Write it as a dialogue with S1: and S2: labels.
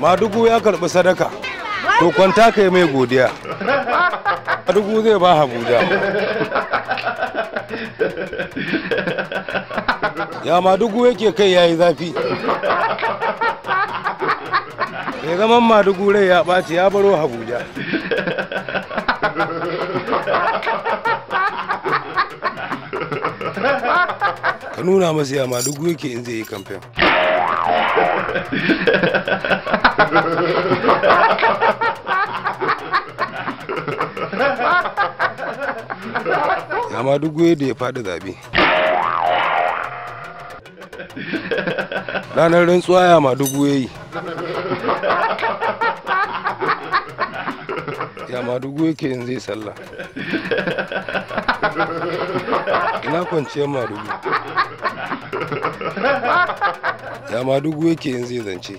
S1: Madugu ya karɓi sadaka, to kwanta ka yi mai godiya. Madugu zai ba Abuja. Ya madugu yake kai yayi zafi. Mai zaman madugu rai ya ɓaci ya baro Abuja. ka nuna masu yama duk yake in zai yi kamfen yama duk da ya faɗi zaɓe ranar rantsuwa yama duk yi ya madugu yake yin zai sallah ina ma madugu ya madugu yake yin zai zance